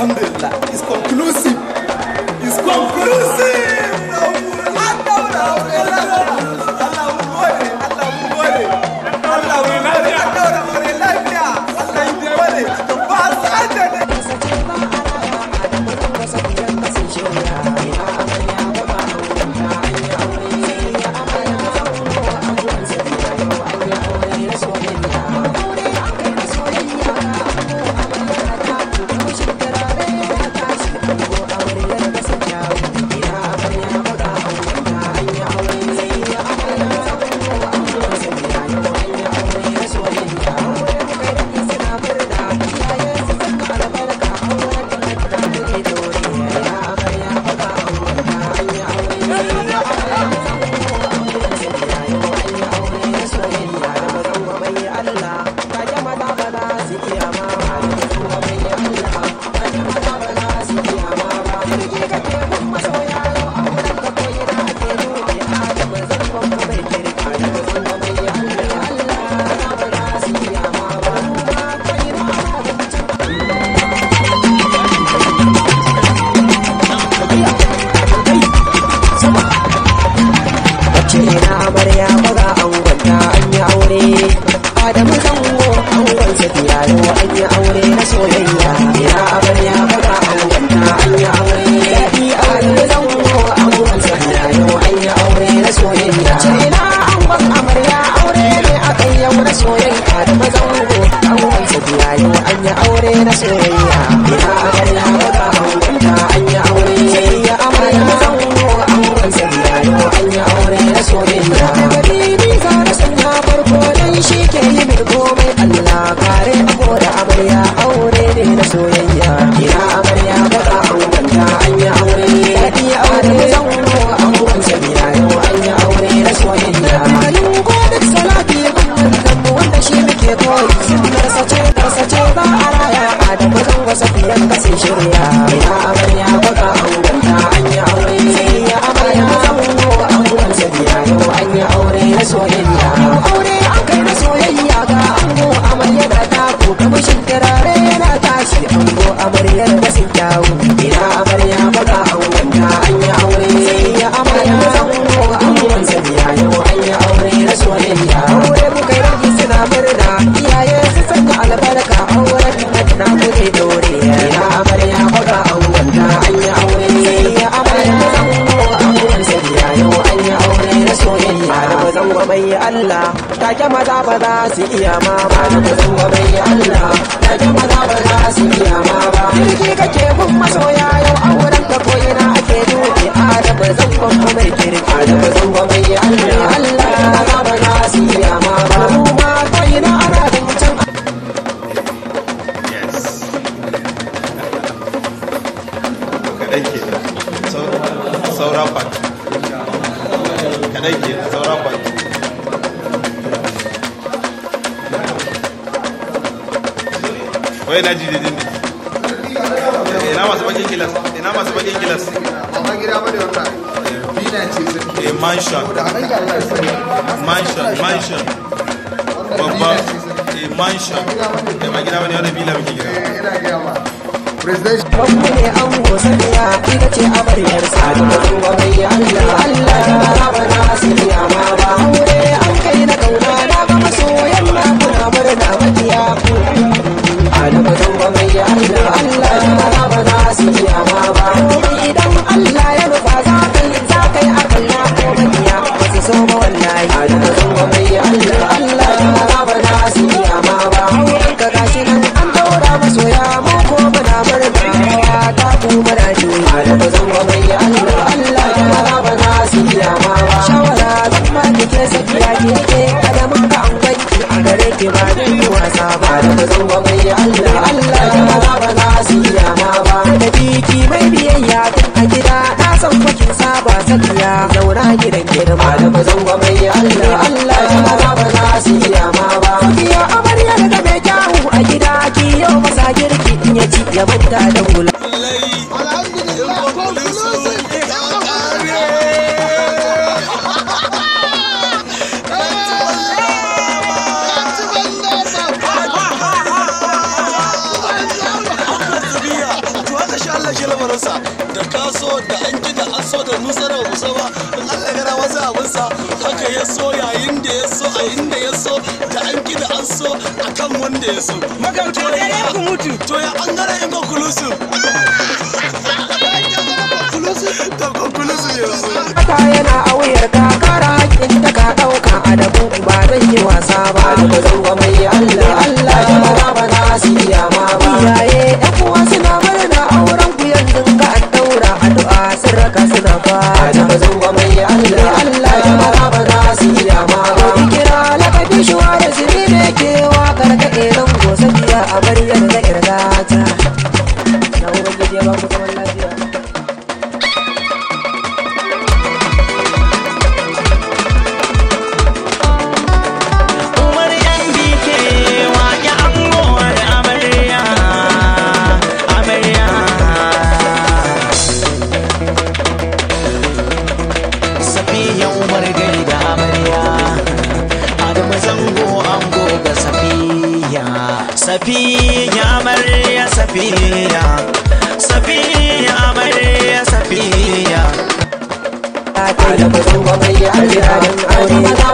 Alhamdulillah, it's conclusive. It's conclusive. amarya maza angon ta an yi aure adamu zango angon sa tiyayo an yi aure na soyayya amarya amarya baka aure ya amarya zango angon sadiya yau aure na soyayya aure an kai na soyayya ga ango amarya da ta ko kamashin turare na yi amarya yi aure na soyayya aure muka yi suna murna iyaye su saka albarka Allah ta ke maza ba za su iya ma ba da kusan ba bai Allah ta ke maza ba za su iya ma ba kirki kake mun masoya yau a wurin ta ko ina ake duke ba zan ba kuma mai kirki da adabu zan kuma mai Allah Allah maza ba za su iya ma ba mu ma ko ina a da mutum can ke saura kwanaki. Kaɗan ke saura kwanaki. wai na jide din ina masu bakin gilas ina masu bakin gilas ba gida ba da wata villa ce mansion mansion mansion babba a mansion da ba gida ba ne wani villa muke gida Wani ne an gosaniya ita ce amaryar sa, ta ba mai Allah, Allah Yeah, saba da zo mai Allah Allah ya maza ba za su ma ba da biki mai biyayya a gida na san kwakin saba sakiya zauna gidan girma da ba zo mai Allah Allah ya maza ba za su ma ba biya amarya daga mai kyawu a gida ki yau masa girki in ya ci ya banta da hula da an gida an da musa da musa ba in Allah gara wasu abinsa haka ya so yayin da ya so a inda ya so da an gida an a kan wanda ya so makamta da ya ku mutu to ya bangare in conclusive da ya yanzu ta yana a wuyar ka kara hakkin ta ka dauka adabu ba zan yi wasa ba zan ruwa mai Allah amarya safiya amarya safiya safiya amarya safiya ta da bazo ba mai